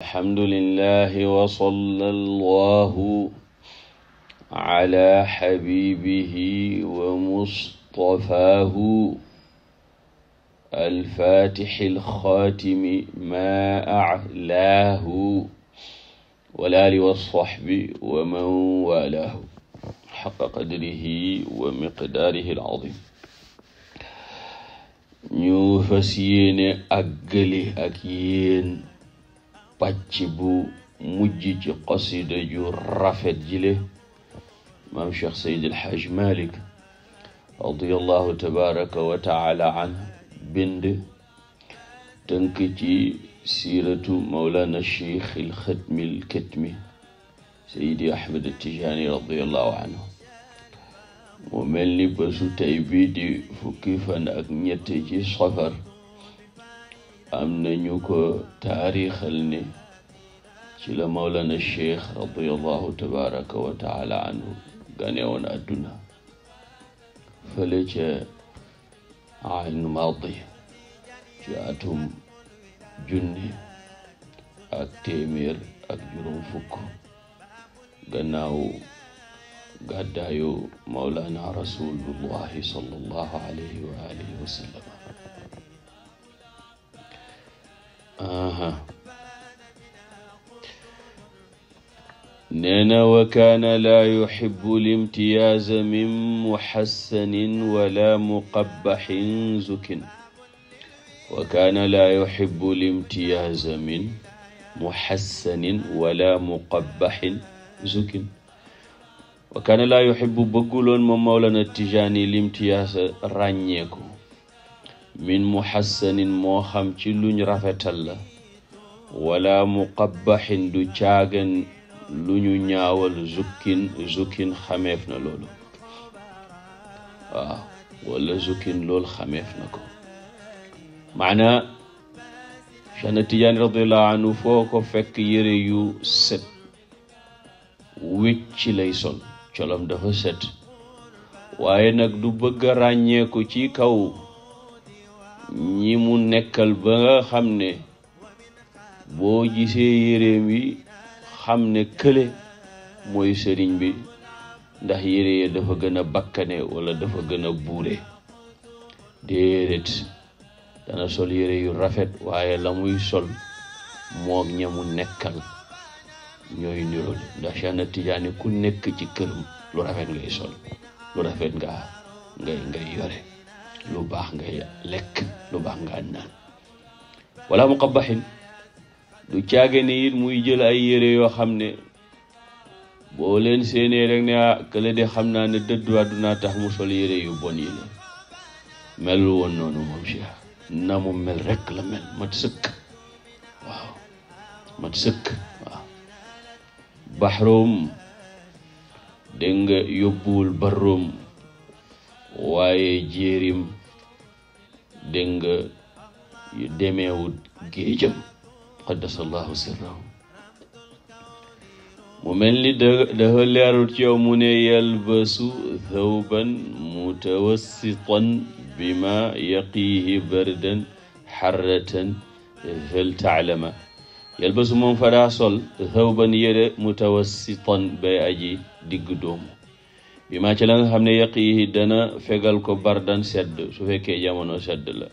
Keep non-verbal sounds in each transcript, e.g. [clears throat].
alhamdulillahi wa sallallahu ala habibihi wa mustafaahu alfatixi alxaatimi ma alaahu wal aali wa saxbi wa man walaahu xaqa qadrihi wa miqdaarihi alazim ñu fas yéene àggale ak yéen pàcc bu mujj ci qasida ju rafet jile maam cheikh sayid alxaaj malik radiallahu tabaraka wa taala an bind tënk ci siiratu maulana cheikh alxatmi alkatmi sayidi ahmed tijaani radiallahu anhu mu mel ni bésu tey bii di fukki fan ak ñett ci safar am nañu ko taarixal ci la Mawlana Cheikh radiyallahu tabaraka wa taala anhu ganewoon adduna fële ca ayn madi ci junni ak téeméer ak juróom fukk gannaaw gàddaayu Mawlana rasulullahi sallallahu alayhi wa alihi nee na wa kaana laa yuxibu limtiyaaza min muxassanin wala muqabbaxin zukin wa kaana laa yuxibu limtiyaaza min muxassanin wala muqabbaxin zukin wa kaana laa yuxibu bëgguloon moom mawlana tijaani ràññeeku min muxassanin moo xam ci luñ rafetal la wala muqabbaxin du caagan lu ñu ñaawal zukkin zukkin xameef na loolu waaw wala zukkin loolu xameef na ko maanaa Cheikhna Tijaani radiyallahu anhu foo ko fekk yére yu set wicc lay sol colom dafa set waaye nag du bëgg a ràññeeku ci kaw ñi mu nekkal ba nga xam ne boo gisee yëreem yi xam ne kële mooy sëriñ bi ndax yére ya dafa gën a bakkane wala dafa gën a buure déedéet dana sol yére yu rafet waaye la muy sol moog ñamu nekkal ñooy niroole ndax Cheikh Tidiane ku nekk ci këram lu rafet ngay sol lu rafet nga ngay yore lu baax ngay lekk lu baax nga naan wala muqabahin du caage ne it muy jël ay yére yoo xam ne boo leen séenee rek ne ah, xam naa ne dëddu àdduna tax mu sol yére yu bon yi la mel woon noonu moom Cheikh na mu mel rek la mel mat sëkk waaw mat sëkk waaw baxroom dégg nga waaye jéerim dégg demeewut géejam qaddasa allahu sirrahu mu mel ni dafa leerul ci yow mu ne yalbasu thawban mutawassitan bima yaqiihi bardan xarratan fal taalama yalbasu moom fa daa sol thawban yére mutawassitan bay aji digg doomu bi ma ci la nga xam ne yaqiihi dana fegal ko bardan sedd su fekkee jamono sedd la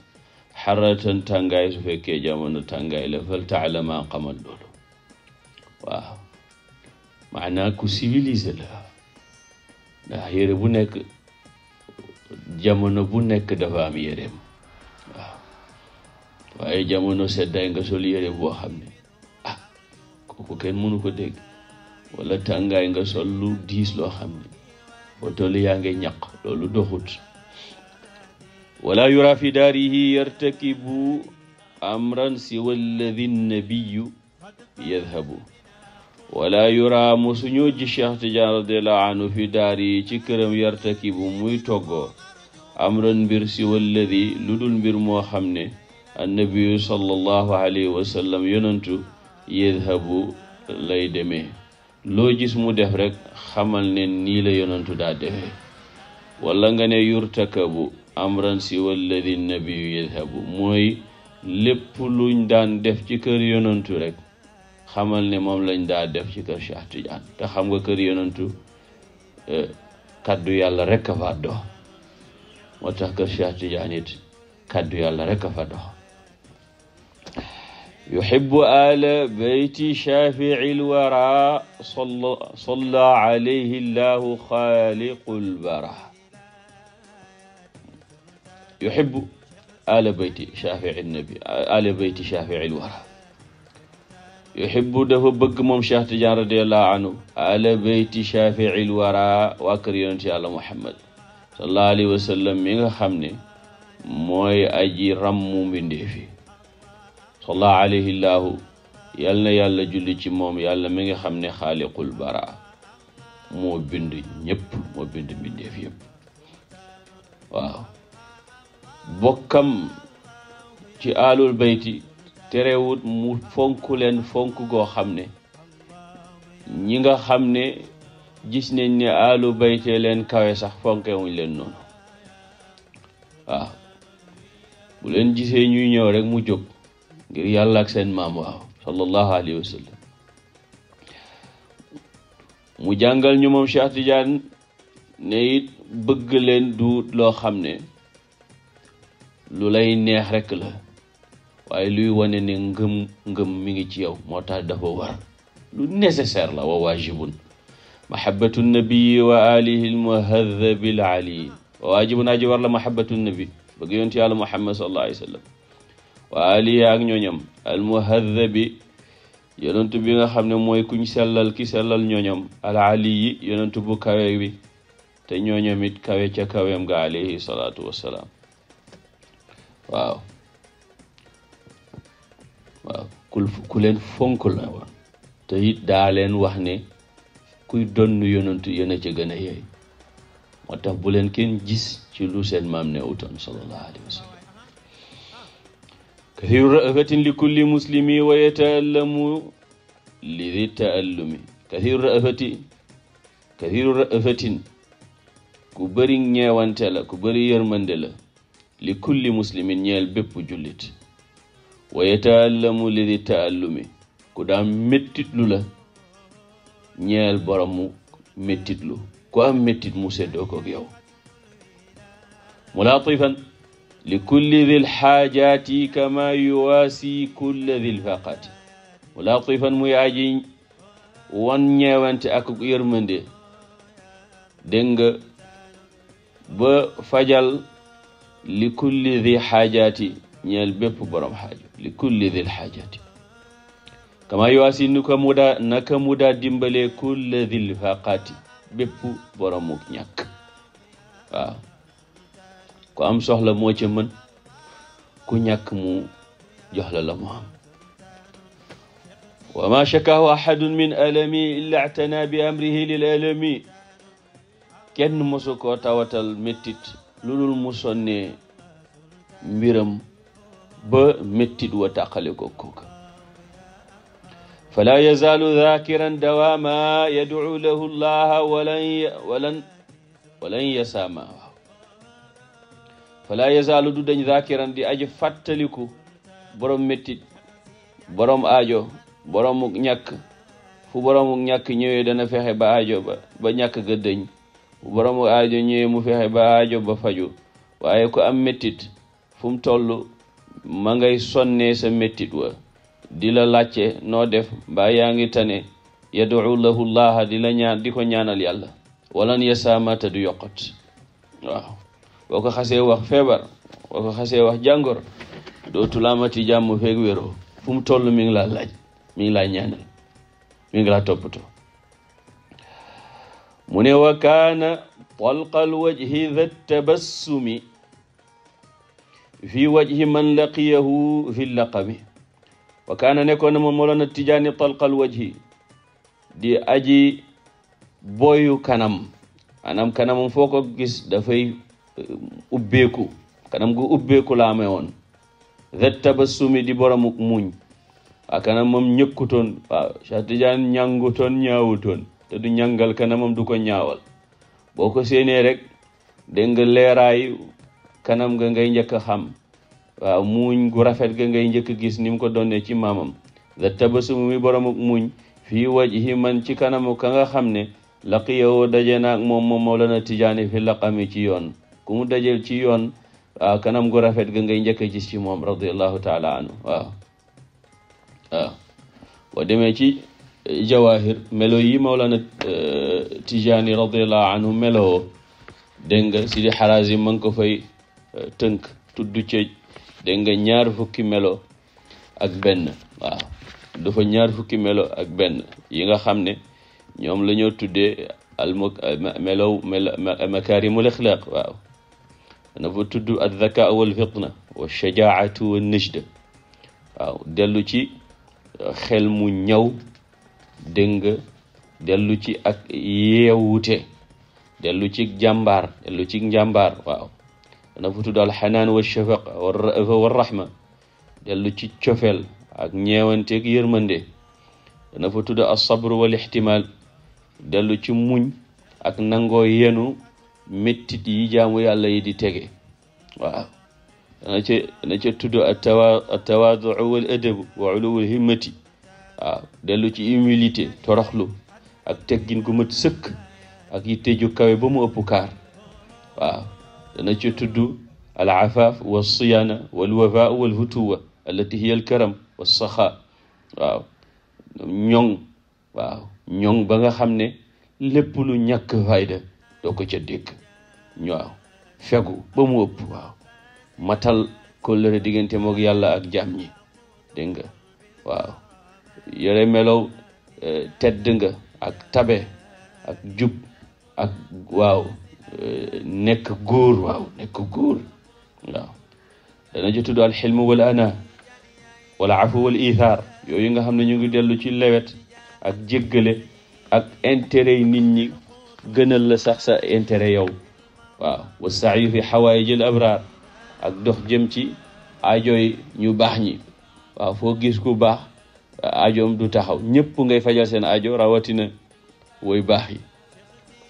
xaratan tàngaay su fekkee jamono tàngaay la fal taalama xamal loolu waaw maanaa ku civilisé la ndax yére bu nekk jamono bu nekk dafa am yéreem waaw waaye jamono seddaay nga sol yére boo xam ne ah kooku kenn mënu ko dégg walla tàngaay nga sol lu diis loo xam ne boo toll yaa ngi ñaq loolu wala yura fi daarihi yartakibu amran siwa alladi nabiyu yadhabu wala yura mosuñoo ji cheikh tidiane radiallahu anhu fi daari ci këram yartakibu muy toggoo amran mbir siwa alladi lu dul mbir moo xam ne annabiyu sallallahu alayhi lay demee loo gis mu def rek xamal ne nii la yonantu daa defee wala nga ne yurtakabu amran si walladi nabiyu yadhabu mooy lépp luñ daan def ci kër yonantu rek xamal ne moom lañ daa def ci kër Cheikh Tidiane te xam nga kër yonantu eh, kaddu yàlla rek a fa dox moo tax kër Cheikh Tidiane it kaddu yàlla rek a fa dox yuhibbu ala beyti shafiil wara salla alayhi llahu xaaliqul bara yuhibbu ala bayti shafii nabi ala bayti shafii lwara yuhibbu dafa bëgg moom Cheikh Tidiane radiallahu anhu ala bayti shafii lwara waa kër yonent yàlla Muhammad sallallahu alayhi wa sallam mi nga xam ne mooy aji ràmmu mbindeefi sallallahu alayhi llahu yal na yàlla julli ci moom yàlla mi nga xam ne xaaliqul bara moo bind ñëpp moo bind mbindeef yëpp waaw bokkam ci aalul bayti terewut mu fonk leen fonk goo xam ne ñi nga xam ne gis nañ ne aalu baytee leen kawe sax fonke leen noonu waaw bu leen gisee ñuy ñëw rek mu jóg ngir yàlla ak seen maam waaw sallallahu alayhi wa mu jàngal ñu moom Cheikh Tidiane ne it bëgg leen du loo xam ne lu lay neex rek la waaye luy wane ne ngëm ngëm mi ngi ci yow moo tax dafa war lu nécessaire la wa waajibun mahabatu nabii wa alihi lmuhadabi l ali wa waajibun aji war la mahabatu nabi bëgg yonent yàlla muhammad sallallahu alayhi wa sallam wa alihi ak ñooñam almuhadabi yonent bi nga xam ne mooy kuñ sellal ki sellal ñooñam al ali yi yonent bu kawe bi te ñooñam it kawe ca kawem ga alayhi salaatu wassalaam waaw waaw ku ku leen fonk la wa daa leen wax ne kuy donn yonantu yéen ca gën a yey moo tax bu kenn gis ci lu seen maam ne utoon sallallahu alayhi wa kathiru ra'fatin li kulli muslimi wa yata'allamu li di taallumi kathiru ra'fati ku bëri ñeewante la ku bëri yërmande la li kulli ñeel bépp jullit wa yataallamu li di taallumi ku daan méttitlu la ñeel boromu méttitlu ku am méttit mu seddoo koog yow mulaatifan li kulli dil xaajaati kama yuwaasi kulla dil faqaati mulaatifan muy aji wan ñeewante ak yërmande dégg nga ba fajal li kulli di xaajaati kama yuwaasi ni mu daa naka mu daa dimbalee kulli dil faqaati bépp boromuk ñàkk ku am soxla moo ca mën ku ñàkk mu jox la mu am ma shakaahu ahadun min alami illa ictanaa lil alami kenn mosu koo tawatal méttit lu dul mu sonnee mbiram ba mettit wa tàqale ko kooka fala yazaalu dhakiran dawama yad'u lahu llaha walan yasaama fala yazaalu du dañ dhakiran di aji fàttaliku borom mettit borom aajo borom ñàkk fu borom dana fexe ba aajo ba ba ñàkk ga bu boromu aajo ñëwee mu fexe ba aajo ba faju waaye ko am mettit fu mu toll ma ngay sonnee sa mettit wa di la làcce noo def ba yaa ngi tane yad'u lahu llaha di la ñaan di ko ñaanal yàlla walan yasaamata du yokkat waaw boo ko xasee wax feebar boo ko xasee wax jàngor dootu la jàmm feeg wéroo fu mu toll mi ngi laa laaj mi ngi laa ngi laa toppatoo mu ne wa kaana talqa alwajhi dha tabassumi fi wajhi man laqiyahu fi laqami wa kaana nekkoon na moom Mawlana Tijaani talqa alwajhi di aji boyu kanam maanaam kanamam foo ko gis dafay um, ubbeeku kanam gu ubbeeku la amee woon tabassumi di boromuk muñ waa kanam moom ñëkkutoon waaw Cheikh Tidiane ñàngutoon te du ñàngal kanamam du ko ñaawal boo ko séenee rek dégg nga leeraayu kanam ga ngay njëkk a xam waaw gu rafet ga ngay njëkk gis ni mu ko doonee ci maamam da tabasumu mi borom ak muñ fii wajhi man ci kanamu ka nga xam ne laqiyahu daje naag moom moom Mawlana Tijaani fi laqami ci yoon ku mu dajel ci yoon waaw kanam gu rafet ga ngay njëkk a gis ci moom radiallahu taala anhu waaw waaw boo ci jawahir melo yi Mawlana eh, Tijaani radiallahu anhu melo dégg nga Sidi Xaraasi ma ngi ko fay eh, tënk tudd ci dégg nga ñaar fukki melo ak benn waaw dafa ñaar fukki melo ak benn yi nga xam ne ñoom la ñoo tuddee alma melow mel makaarimul na fa tudd al zakaa wal fitna wa shajaatu wa najda dellu ci eh, xel mu ñaw dégg nga dellu ci ak yeewute dellu ci jàmbaar dellu ci njàmbaar waaw dana alxanaan wa shafaqa wa ra'fa wa rahma dellu ci cofeel ak ñeewante ak yërmande dana fa tudd alsabr wal ixtimaal dellu ci muñ ak nango yenu mettit yi jaamu yàlla yi di tege waaw dana ca dana ca tudd attawa wa uluwul himmati waaw dellu ci humilité toroxlu ak teggin gu mat sëkk ak yitte ju kawe ba mu ëpp kaar waaw dana ci tudd al afaaf wa siyaana wal wafaa wal futuwa allati karam wa saxaa ñoŋ ñoŋ ba nga xam ne lépp lu ñàkk fayda doo ko ca dégg waaw fegu ba mu ëpp waaw matal kóllëre diggante moog yàlla ak jaam ñi dégg waaw yore melow eh, tedd nga ak tabe ak jub ak waaw eh, nekk góor waaw nekk góor waaw dana ci tudd alxilmu ana wal afu wal ithaar nga xam ne ñu ngi dellu ci lewet ak jéggale ak intérêt nit ñi gënal la sax sa intérêt yow waaw wa saayu fi xawaayijil abraar ak dox jëm ci ajooy ñu baax ñi waaw foo gis gu baax ajoom du taxaw ñépp ngay fajal seen ajo rawatina woy baax yi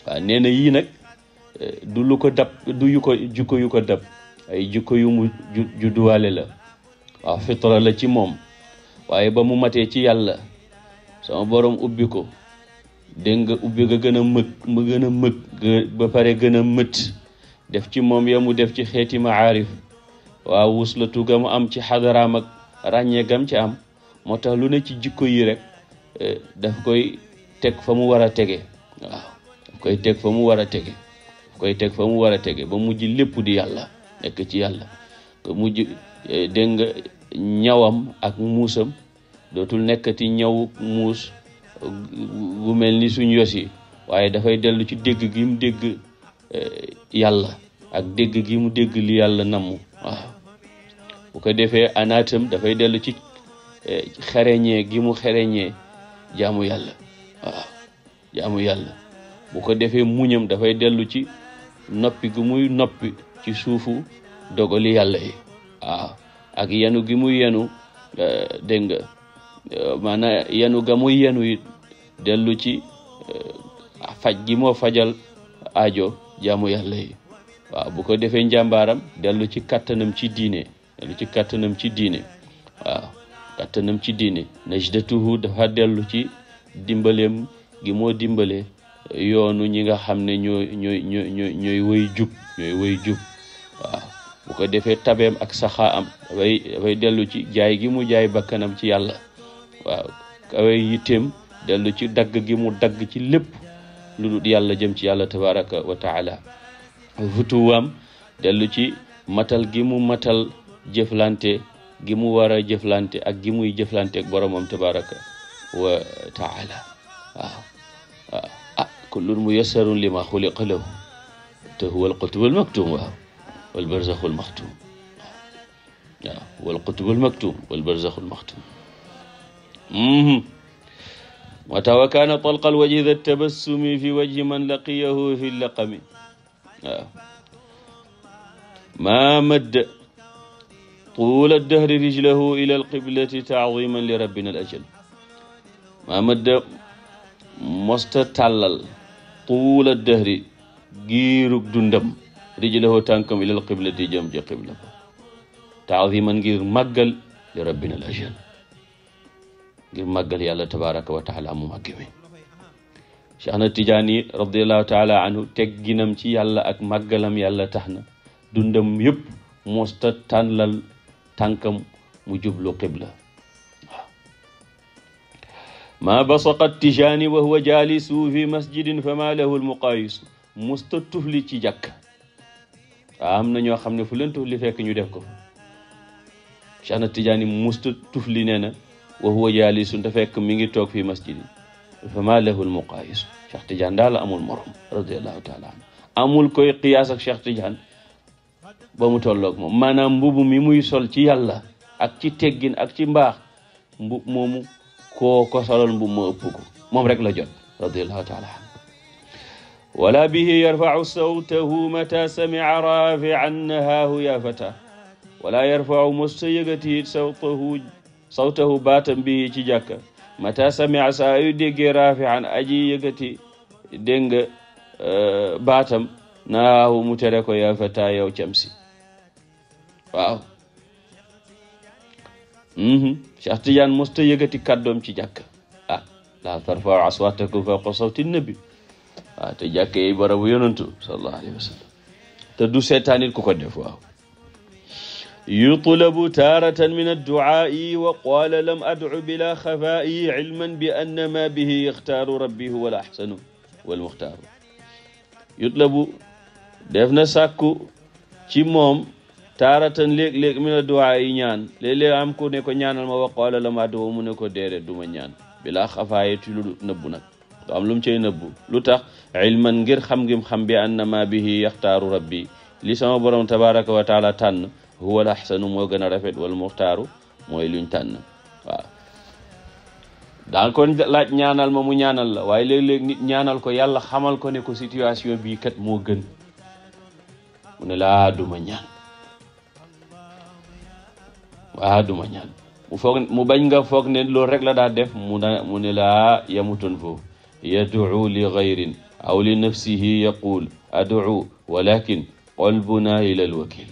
waaw nee na yii nag eh, du lu ko dab du yu ko jikko dab ay jikko yu mu judduwaale la waaw fitra la ci moom waaye ba mu matee ci yàlla sama boroom ubbi ko dégg nga ubbi nga gën a mëg a mëg ba pare gën a mët def ci moom ya mu def ci xeeti maarif waaw wuslatu ga mu am ci xadaraam ak ràññee gam ci am moo tax lu ne ci jikko yi rek eh, daf koy teg fa mu war a tege waaw koy teg fa mu war a tege koy teg fa mu war a tege ba mujj lépp di yàlla nekk ci yàlla ko mujj eh, dégg nga ñawam ak muusam dootul nekkati ñaw muus bu mel ni suñ yos yi waaye dafay dellu ci dégg gi mu dégg eh, yàlla ak dégg gi mu dégg li yàlla namm waaw bu ko defee anaatam dafay dellu ci E, xereñe gi mu xereñee jaamu yàlla waaw jaamu yàlla bu ko defee muñam dafay dellu ci noppi gi noppi ci suufu dogali yàlla yi waaw ak yenu gimu yenu e, dégg nga e, maanaam yenu ga muy dellu ci faj gi moo fajal ajo jaamu yàlla yi waaw bu ko defee njàmbaaram dellu ci kattanam ci diine dellu ci kattanam ci diine waaw kàttanam ci diine najdatuhu dafa dellu ci dimbaleem gi moo dimbale yoonu ñi nga xam ne ñooy ñooy ñooy ñooy woy jub ñooy woy jub waaw bu ko defee tabeem ak saxaa am dafay dafay dellu ci jaay gi mu jaay bakkanam ci yàlla waaw kaway yitteem dellu ci dagg gi mu dagg ci lépp lu dul yàlla jëm ci yàlla tabaraka wa taala futuwaam matal gi matal jëflante gi mu war a jëflante ak gi muy jëflante ak boromam tabaraka wa taala waaw waaw ah, ah kullun muyassarun lima xuliqa lahu te huwa alqutubul maktum waaw wal barzaxul maxtum waaw wal qutubul maktum wal barzaxul maxtum moo mm-hmm. tax wa kaana talqal wajhi da tabassumi fi wajhi man laqiyahu fi laqami waaw maa madda tuula dahri rijlahu ila alqiblati taadiman li rabbina al ajal mahamad da mosta tàllal tuula dahri giirug dundam rijlahu tànkam ila alqiblati jëm ja qibla ko taadiman ngir màggal li rabbina al ajal ngir màggal yàlla tabaraka wa taala mu màgg mi Cheikh na Tijaani radiallahu taala anhu tegginam ci yàlla ak màggalam yàlla tax na dundam yëpp mosta tàllal tànkam mu jublu qibla waaw maa basaqa tijaani wa huwa jaalisu fi masjidin fa maa lahu almuqaayisu musta tufli ci jàkk waaw am na ñoo xam ne fu leen tufli fekk ñu def ko Cheikh na Tijaani musta tufli nee na wa huwa jaalisun te fekk mi ngi toog fi masjidin fa maa lahu almuqaayisu Cheikh Tidiane daal amul morom radiallahu taala anhu amul koy qiyaas ak Cheikh Tidiane ba mu tolloog moom maanaam mbubu mi muy sol ci yàlla ak ci teggin ak ci mbaax mbu moomu koo ko solol mbubu moo ëpp ko moom rek la jot radiallahu taala an wala bihi yarfau sawtahu mata samiaa rafian nahaahu ya fata wala yarfau mosta yëgati sawtahu sawtahu baatam bi ci jàkka mata samia saa yu déggee rafian aji yëgati dégg nga euh, baatam nahaahu mu tere ko ya fata yow camsi waaw mhm. Cheikh Tidiane mosta yëgati kàddoom ci jàkk ah laa tarfa'u aswaatakum fawqa sawti nabi waaw ah, te jàkk yi barabu yonantu sallallahu alayhi wa sallam te du seetaan it ku ko def waaw yutlabu taaratan min adduaai wa qaala lam adcu bila xafaai cilman bi anna ma bihi ixtaaru rabbi huwa al axsanu wal muxtaaru yutlabu def na sàkku ci moom taaratan léeg-léeg mi na duwaa yi ñaan léeg-léeg am ko ñaanal ma waqoola la maa doo mu ne ko déedéet du ma ñaan bilaa xafaaye ci lu nëbbu nag am lu mu nëbbu lu tax ilman ngir xam ngim xam bi annama bihi yaxtaaru rabbi li sama borom tabaraka wa taala tànn huwa ahsanu moo gën a rafet wal muxtaaru mooy luñ tànn waaw daal kon laaj ñaanal ma mu ñaanal la waaye léeg-léeg ñaanal ko yàlla xamal ko ne ko situation bii kat moo gën mu ne laa ñaan ah ñaan mu bañ nga foog ne loolu rek la daa def mu na mu ne laa ah, yamutoon foofu yad'u li gayrin aw li nafsihi yaqul ad'u walakin qalbuna ila alwakil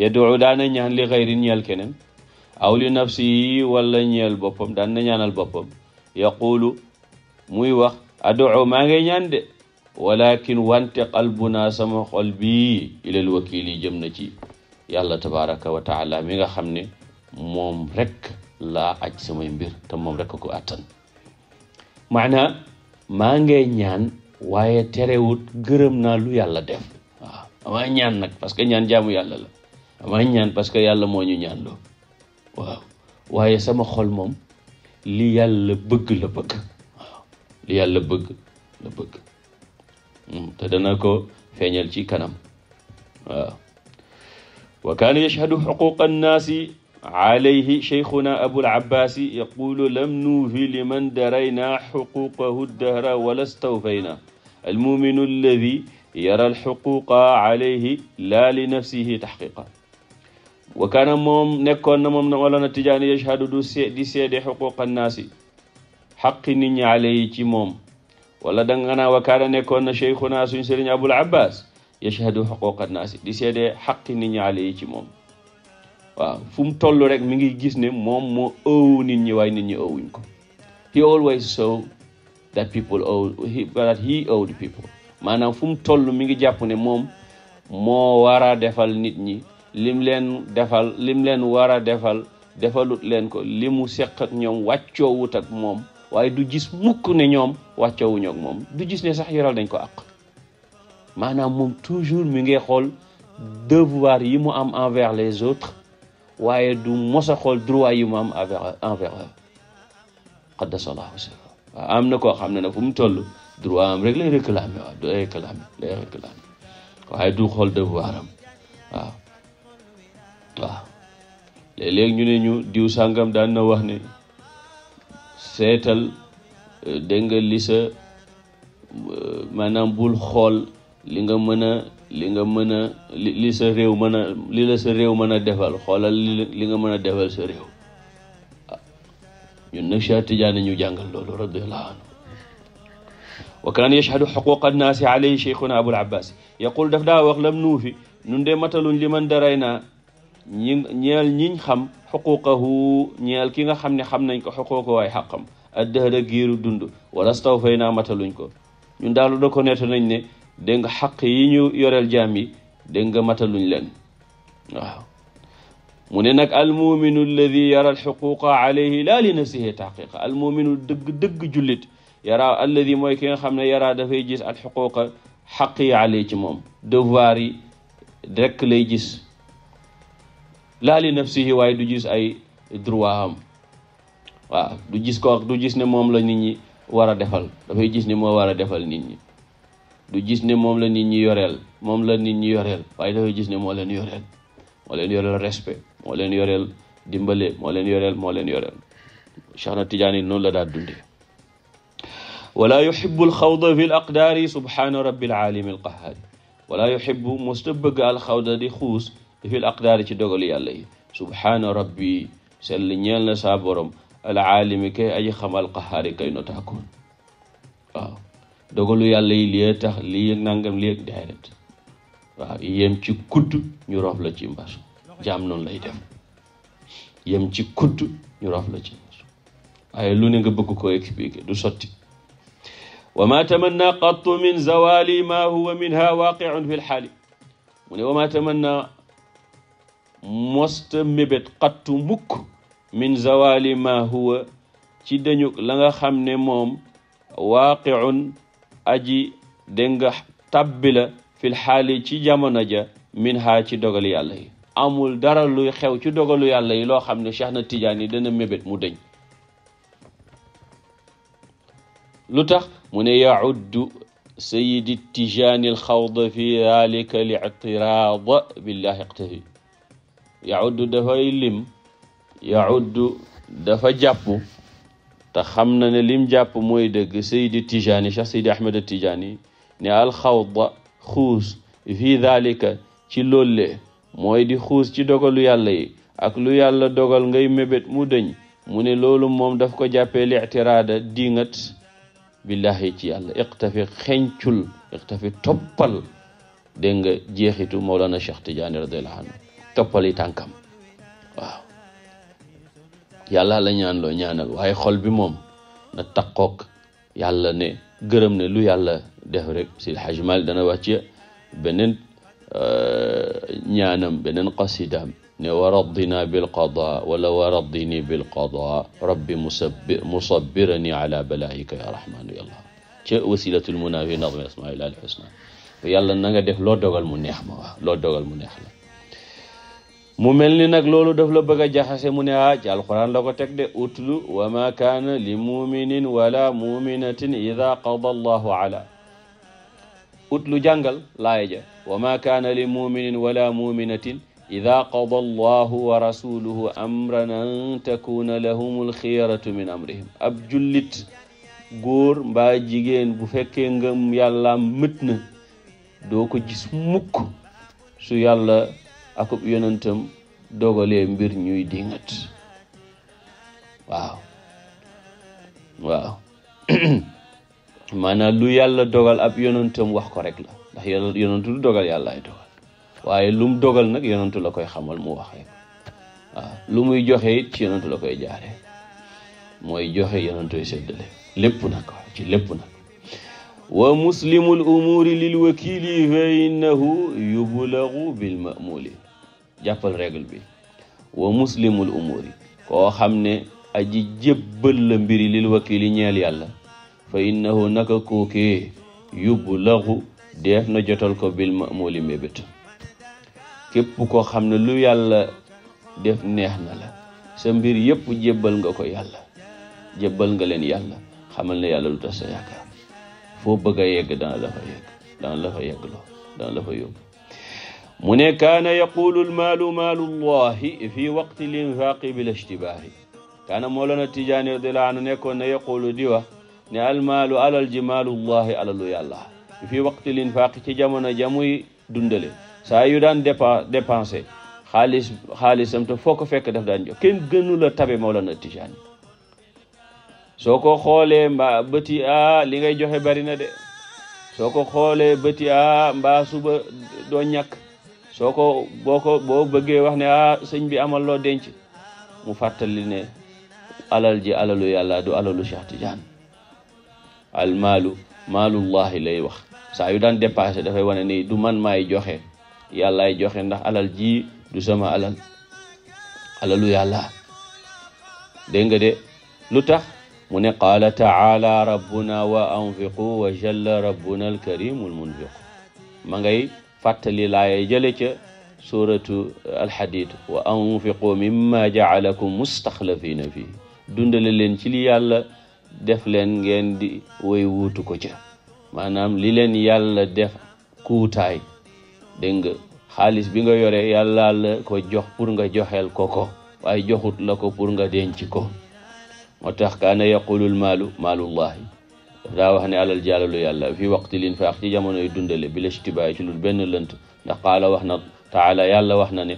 yad'u daana ñaan li gayrin ñeel keneen aw li nafsihi wala ñeel boppam daan na ñaanal boppam yaqulu muy wax ad'u maa ngay ñaan de walakin wante qalbuna sama xol bii ila yi jëm na ci yàlla tabaraka wa taala mi nga xam ne moom rekk laa aj samay mbir te moom rek ko àttan maana maa ngay ñaan waaye terewut gërëm naa lu yàlla def waaw amaa ñaan nag parce que ñaan jaamu yàlla la amaa ñaan parce que yàlla moo ñu ñaan loo waaw waaye sama xol moom li yàlla bëgg bëgg li yàlla bëgg la bëgg hmm, te dana ko feeñal ci kanam waaw wa kaana yashhadu xuquuqa annaasi alayhi cheikhuna abul abbaasi yaqulu lam nuufi liman darayna xuquuqahu dahra wala stawfayna almuminu alladi yara alxuquqa alayhi laa li nafsihi taxqiqa wa kaana moom nekkoon na moom na wala na tijaani yashhadu du see di seede xuquuqa annaasi xaqi nit ñi alayhi ci moom wala danga naa wa kaana nekkoon na cheikhuna suñ sëriñ abul abbaas yashhadu xuquqa naasi di seede xaqi nit ñi ale yi ci moom waaw fu mu toll rek mi ngi gis ne moom moo ëwu nit ñi waay nit ñi ëwuñ ko he always saw that people owe he owed people maanaam fu mu toll mi ngi jàpp ne moom moo war a defal nit ñi lim leen defal lim leen war a defal defalut leen ko li mu seq ak ñoom wàccoowut ak moom waaye du gis mukk ne ñoom wàccoowuñu ak moom du gis ne sax yoral dañ ko àq maanaam moom toujours mi ngi xool devoir yi mu am envers les autres waaye du mos a xool droit yi mu am envers envers eux qaddasallahu sirra waaw am na koo xam ne nag fu mu toll droit am rek lay réclamer du xool devoir am waaw waaw ñu ne ñu diw sàngam daan na wax ne seetal euh, dégg nga li euh, maanaam bul xool li nga mën a li nga mën a li li sa réew mën a li la sa réew mën a defal xoolal li nga mën a defal sa réew ah ñun nag ñu jàngal loolu radiallahu anhu wa kaan yachhadu xuquqa annaasi alayhi cheikhuna abul abbas yaqul daf daa wax lam nuufi nun de mataluñ li man daray naa ñi ñeel ñiñ xam xuquqahu ñeel ki nga xam ne xam nañ ko xuquqa waay xaqam addëhra giiru dund wala stawfay naa mataluñ ko ñun daalu reconnaître nañ ne dégg nga xaq yi ñu yoreel jaam yi dégg nga mataluñ leen waaw mu ne nag almuminu alladi yara alxuquqa alayhi laa li nafsihi taxqiqa almuminu dëgg dëgg yara alladi mooy ki nga xam ne yara dafay gis alxuquqa xaq yi alayhi ci moom devoir yi rekk lay gis laa li nafsihi waaye du gis ay droit waaw du gis ko du gis ne moom la nit ñi war a defal dafay gis ni moo war a defal nit ñi du gis ne moom la nit ñi yoreel moom la nit ñi yoreel waaye dafay gis ne moo leen yoreel moo leen yoreel respect moo leen yoreel dimbale moo leen yoreel moo leen yoreel Cheikh na Tijaani noonu la daal dunde wala yuhibu alxawda fi l aqdaari subhaana rabbil aalami alqahaari wala di xuus fi l aqdaari ci dogalu yàlla yi subhaana rabbi sell ñeel na saa borom dogalu yàlla yi lii tax lii ak nangam lii ak déedéet waaw yem ci kudd ñu roof la ci mbas jaam noonu lay def yem ci kudd ñu roof la ci mbas waaye lu ne nga bëgg koo expliquer du sotti wa ma tamanna qattu min zawali ma huwa minha waqi'un fi lxaali mu ne wa ma qattu mukk min zawali ma huwa ci dañu la nga xam ne moom waaqi'un aji dégg nga tàbbi la fil ci jamono ja min haa ci dogalu yàlla amul dara luy xew ci dogalu yàlla loo xam ne Cheikh na Tijaan yi dana mébét mu dëñ lu tax mu ne yacuddu sayidi tijaani alxawda fi dalika lictiraad billahi iqtahi yacuddu dafay lim yacuddu dafa jàpp te xam na ne lim jàpp mooy dëgg Seydi Tijaani Cheikh Seydi Ahmed Tijaani ne alxawda xuus fii daalika ci loole mooy di xuus ci dogalu yàlla yi ak lu yàlla dogal ngay mébét mu deñ mu ne loolu moom daf ko jàppee dingat diingat yi ci yàlla iqtafi xencul toppal dégg nga jeexitu Mawlana Cheikh Tijaani radiyallahu anhu toppali tànkam waaw yàlla la ñaan loo ñaanal waaye xol bi moom na takkook yàlla ne gërëm ne lu yàlla def rek si Hajj Maalik dana wàcce beneen euh, ñaanam beneen qasidaam ne waraddina bilqada wala waraddini bilqada rabbi musabbi musabbirani ala balaayika ya rahmaanu ya allah ca wasilatul muna fi nazmi asmail al husna yàlla na nga def loo dogal mu neex ma waaw loo dogal mu neex la mu mel ni nag loolu daf la bëgg a jaxase mu ne ah ci alquran la ko teg de utlu wa ma kaana li muminin wala muminatin ida qada allahu ala utlu jàngal laaya ja wa ma kaana li muminin wala muminatin ida qada allahu wa rasuluhu amran an takuna lahum alxiyaratu min amrihim ab jullit góor mbaa jigéen bu fekkee ngëm yàlla mët na doo ko gis mukk su yàlla akub yonentam dogalee mbir ñuy dingat waaw waaw [clears throat] lu yàlla dogal ab yonentam wax ko rek la ndax yonentu du dogal yàlla ay dogal waaye lu dogal nag yonentu la koy xamal mu waxee waaw lu muy joxe it ci yonentu la koy jaare mooy joxe yonentoy séddale lépp nag ci lépp nag wa muslimul umuri lil wakili fa innahu yublagu bil mamuli jàppal règle bi wa muslimul umuri koo xam ne aji jébbal la mbiri lil wakili ñeel yàlla fa innahu naka kookee yubbu laxu deef na jotal ko bil mamuli mébét képp koo xam ne lu yàlla def neex na la sa mbir yépp jébbal nga ko yàlla jébbal nga leen yàlla xamal na yàlla lu tax sa yaakaar foo bëgg a yegg dana la fa yegg dana la la fa yóbbu mu ne kaana yaqulu almaalu maalu llahi fi waqti linfaaqi bila ishtibaahi kaana moolana tijaani radiallahu anhu nekkoon na yaqulu di wax ne almaalu alal ji maalu llahi alalu fi waqti linfaaqi ci jamono jamuy dundale saa yu daan dépensé xaalis xaalisam te foo ko fekk daf daan jox kenn gënu la tabe moolana tijaani soo ko xoolee mbaa bëti a li ngay joxe bari na soo ko xoolee bëti a suba doo ñàkk soo ko boo ko boo bëggee wax ne ah sëñ bi amal denc mu fàttali ne alal ji alalu yàlla du alalu Cheikh Tidiane al maalu maalullahi lay wax saa yu daan dafay wane ni du man maay joxe yàllaay joxe ndax alal ji du sama alal alalu yàlla dégg nga de lu tax mu ne qaala taala rabbuna wa anfiqu wa jalla rabbuna alkarimu almunfiqu ma fàttali laaye jële ca suratu alxadid wa anfiqu mimma jaalakum mustaxlafina fii dundale leen ci li yàlla def leen ngeen di woy wuutu ko ca maanaam li leen yàlla def kuutaay dégg nga xaalis bi nga yore yàlla la ko jox pour nga joxeel ko ko waaye joxut la ko pour nga denc ko moo tax kaana yaqulul maalu maalullahi daa wax ne alal jàllalu yàlla fii waqti lin faax ci jamonoy dundale bi la shtibaay ci lul benn lënt ndax qaala wax na taala yàlla wax na ne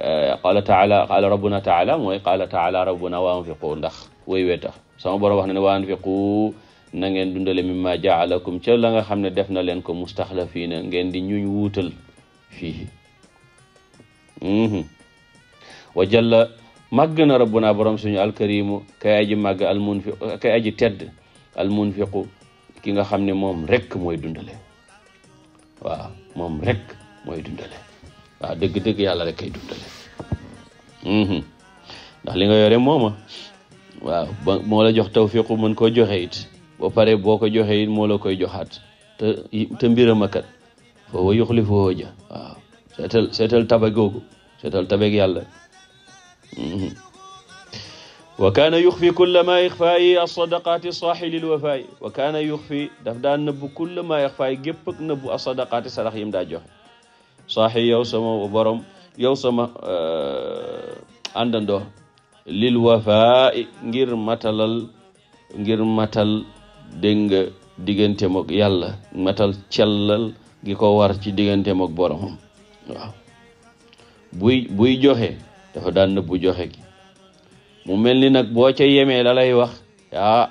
eh, qaala taala qaala rabbuna taala mooy qaala taala rabbuna wa anfiqu ndax way wee tax sama borom wax na ne wa anfiqu na ngeen dundale mimma jaalakum ca la nga xam ne def na leen ko mustaxlafiina ngeen di ñuñ wuutal fii mhm. wa jalla màgg na rabbuna borom suñu alkarimu kay aji màgg almunfiq kay aji tedd almunfiqu ki nga xam ne moom rekk mooy dundale waaw moom rekk mooy dundale waaw dëgg-dëgg yàlla rek kay dundale mhm. ndax li nga yore mooma waaw ba moo la jox tawfiqu mën koo joxe it ba pare boo ko joxe moo la koy joxaat te te mbiram akat foofu yuxlifu ja waaw seetal seetal seetal tabeeg yàlla mhm. wa kaana yuxfi ma ixfaayi alsadaqaati saaxi daf daa nëbbu kulla ma ixfaayi gépp sarax yim daa joxe saaxi yow sama borom yow sama euh, àndandoo lil wafaayi ngir matal dégg nga diggante moog yàlla matal cellal gi ko war ci diggante moog boromam waaw buy joxe dafa daan nëbbu joxe mu mel ni nag boo ca yemee la lay wax ah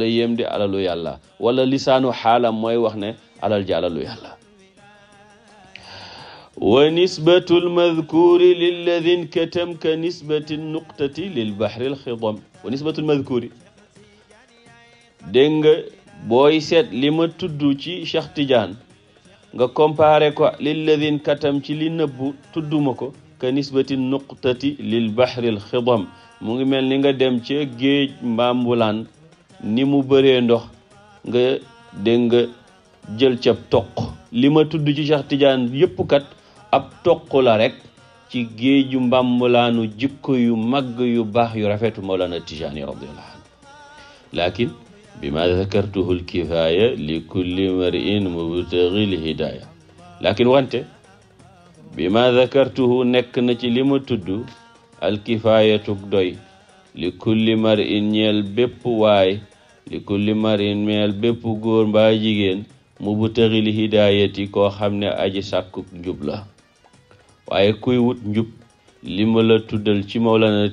la yem di alalu yàlla wala lisaanu xaalam mooy wax ne alal ji alalu yàlla wa nisbatu almadkuri lilladi nkatam ka nisbati nga booy seet li ma tudd ci Cheikh Tidiane nga comparé ko lilladi nkatam ci li nëbbu tudduma ko ka nisbati nuqtati lilbaxri alxidam mu ngi mel ni nga dem ca géej mbaambulaan ni mu bëree ndox nga dégg nga jël ca toq li ma tudd ci Cheikh Tidiane yëpp kat ab toq la rekk ci géeju mbàmbulaanu jikko yu màgg yu baax yu rafetu Mawlana Tijaani radiyallahu anhu laakin bi ma zakartuhu lkifaaya li kulli marin mubtagi lhidaaya laakin wante bi ma zakartuhu nekk na ci lima ma tudd alkifaayatuk doy li kulli mar in ñeel bépp waay li mar in ñeel bépp góor mbaa jigéen mu bu tëxil hidaayati koo xam ne aji sàkkuk njub la waaye kuy wut njub li ma la tuddal ci Mawlana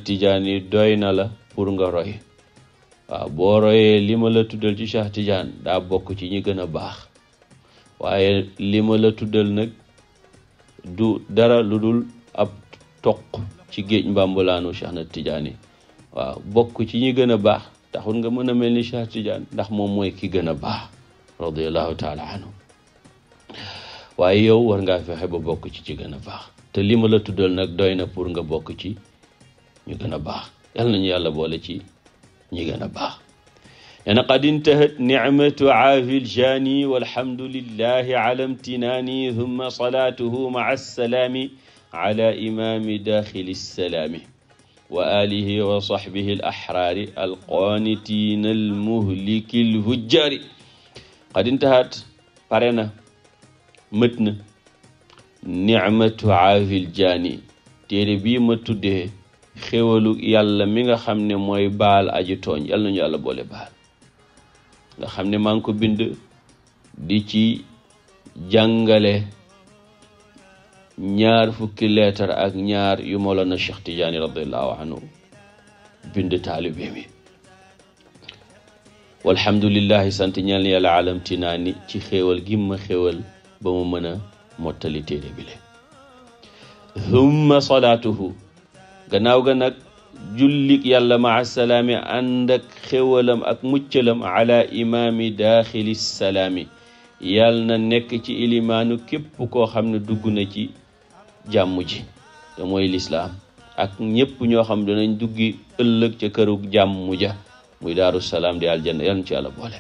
yi doy na la pour nga roy waaw boo royee li ma la tuddal ci Cheikh Tidiane daa bokk ci ñi gën a baax waaye li la tuddal nag du dara ludul ab toq ci géej mbambulaanu Cheikh na Tidiane waaw bokk ci ñi gën a baax taxul nga mën a mel ni Cheikh Tidiane ndax moom mooy ki gën a baax radiallahu taala anhu waaye yow war nga fexe ba bokk ci ci gën a baax te li ma la tuddal nag doy na pour nga bokk ci gën a baax yal nañu yàlla boole ci ñi gën a baax len qad intahat nicmatu aafi ljaani walhamdulillahi ala imtinaani thumma salaatuhu maa assalaami ala imaami daaxili salaami wa alihi wa saxbihi al axraari al qaanitiina al muhliki al hujjaari qad intahat pare na mët na nicmatu aafil jaani téere bii ma tuddee xéwalu yàlla mi nga xam ne mooy baal aji tooñ yàlla nañu yàlla boole baal nga xam ne maa ngi ko bind di ci jàngale ñaar fukki leetar ak ñaar yu Mawlana Cheikh Tidiane radiallahu anhu bind taalibe mi walhamdulillahi sant ñal yàlla alam tinaani ci xéewal gi ma xéewal ba mu gannaaw ga nag jullik yàlla maa salaami ànd ak xéwalam ak muccalam ala imaami daaxili salaami yàll na nekk ci ilimaanu képp koo xam ne dugg na ci jàmm ci te mooy lislaam ak ñëpp ñoo xam danañ duggi ëllëg ca kërug jàmm ja muy daaru salaam di aljanna yal na ci yàlla boole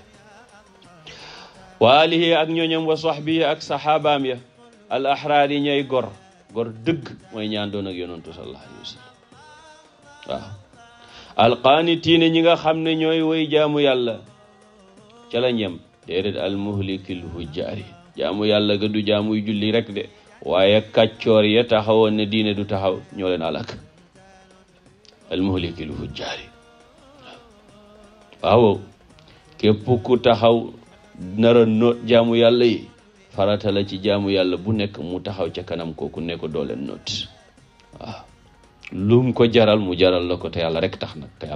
wa ak ñooñam wa sahbihi ak saxaabaam ya al ahraar yi ñooy gor gor dëgg mooy ñaan doon ak yonantu ñi nga xam ne ñooy woy jaamu yàlla ca la ñem déedéet almuhlikil jaamu yàlla ga du jaamuy julli rek de waaye kàccoor yee taxawoon ne diine du taxaw ñoo leen alak almuhliki lu fujjaari waaw képp ku taxaw nara noot jaamu yàlla yi farata la ci jaamu yàlla bu nekk mu taxaw ca kanam kooku ne ko doo leen noot lum ko jaral mu jaral la ko yàlla rek tax nag te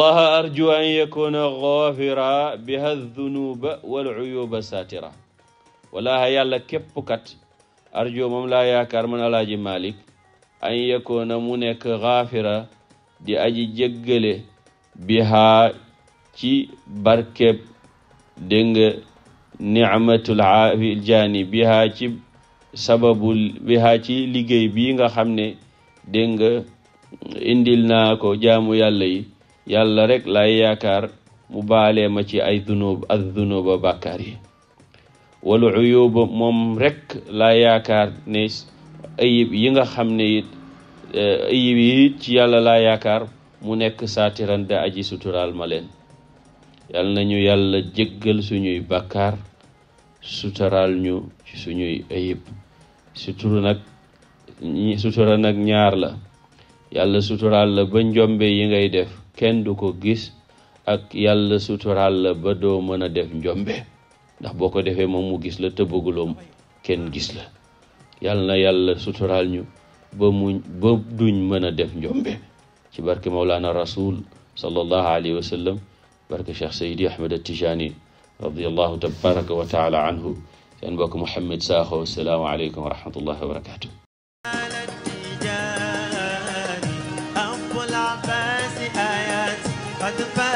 arju an yakuna gafira biha dunuba wal uyuba satira wala yàlla képp kat arjo moom laa yaakaar man alaaji malik an yakoona mu nekk xaafira di aji jéggale bihaa ci barkeb dégg nga jaani bihaa ci sababu bihaa ci liggéey bi nga xam ne dégg nga indil naa ko jaamu yàlla yi yàlla rek laay yaakaar mu baalee ma ci ay dunub ak wala uyuba moom rekk laa yaakaar ne ayib yi nga xam ne it eh, ci yàlla laa yaakaar mu nekk saatiran da aji suturaal ma leen yal nañu yàlla jéggal suñuy bàkkaar suturaal ñu ci suñuy ayib sutura nag sutura nag ñaar la yàlla suturaal la ba njombe yi ngay def kenn du ko gis ak yàlla suturaal la ba doo mën a def njombe ndax boo ko defee moom mu gis la te bëgguloom kenn gis la yàlla na yàlla suturaal ñu ba muñ ba duñ mën a def njombe ci barke Mawlana Rasul sallallahu alayhi wa sallam barke Cheikh Seydi Ahmed Tijani radiallahu tabaraka wa taala anhu seen mbokk Mouhamed Sakho asalaamu aleykum wa rahmatullahi wa barakatuh قد